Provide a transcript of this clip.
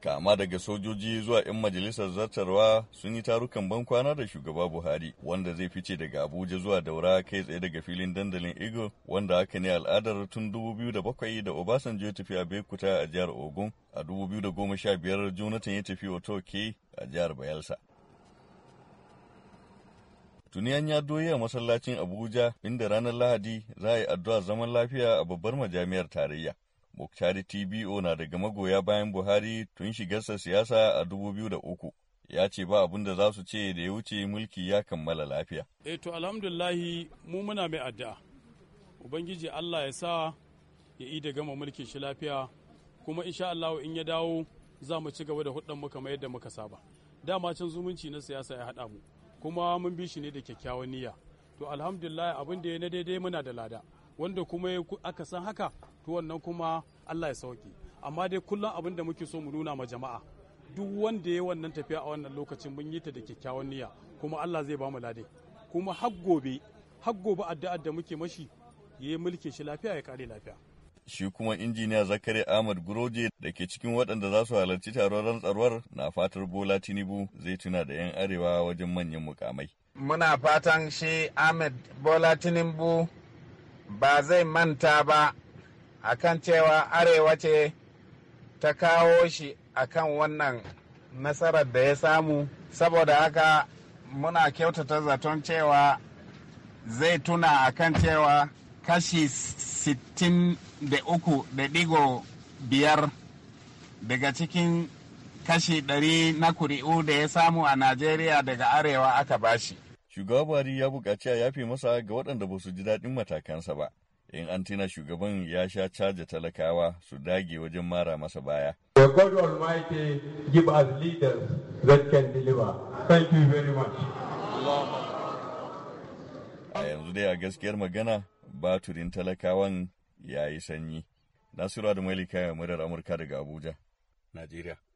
kama daga sojoji zuwa 'yan majalisar zartarwa sun yi tarukan ban kwana da shugaba buhari wanda zai fice daga abuja zuwa daura kai tsaye daga filin dandalin eagle wanda haka ne al'adar tun 2007 da obasanjo ya tafi abekuta a jihar ogun a 2015 jonathan ya tafi otoke a jihar bayelsa tuni an yado yi a masallacin abuja inda ranar lahadi za a yi addu'a zaman lafiya a babbar majami'ar tarayya Muktari TBO na daga magoya bayan Buhari tun shigarsa siyasa a 2003. Ya ce ba abin da za su ce da ya wuce mulki ya kammala lafiya. E to alhamdulillahi mu muna mai addu'a. Ubangiji Allah ya sa ya yi da gama mulkin shi lafiya kuma insha Allah in ya dawo za mu ci gaba da hudan mu kamar yadda muka saba. Dama can zumunci na siyasa ya haɗa mu kuma mun bi shi ne da kyakkyawan niyya. To alhamdulillah abin da ya na daidai muna da lada. wanda kuma aka san haka to wannan kuma Allah ya sauki amma dai kullum abin da muke so mu nuna ma jama'a duk wanda ya wannan tafiya a wannan lokacin mun yi ta da kyakkyawan niyya kuma Allah zai ba mu lade kuma har gobe har gobe addu'ar da muke mashi ya yi mulki shi lafiya ya kare lafiya shi kuma injiniya zakari ahmad guroje da ke cikin waɗanda za su halarci taron rantsarwar na fatar bola tinubu zai tuna da 'yan arewa wajen manyan mukamai muna fatan shi ahmed bola tinubu ba zai manta ba a kan cewa arewa ce ta kawo shi a kan wannan nasarar da ya samu saboda haka muna kyautata zaton cewa zai tuna a kan cewa kashi 63.5 daga cikin kashi 100 na kuri'u da ya samu a najeriya daga arewa aka bashi Shugaba Buhari ya buƙaci a yafe masa ga waɗanda ba su ji daɗin matakansa ba. In an tina shugaban ya sha caja talakawa su dage wajen mara masa baya. The God Almighty give us leaders that can deliver. Thank you very much. A yanzu dai a gaskiyar magana baturin talakawan ya yi sanyi. Nasiru Adamu Elika murar Amurka daga Abuja, Najeriya.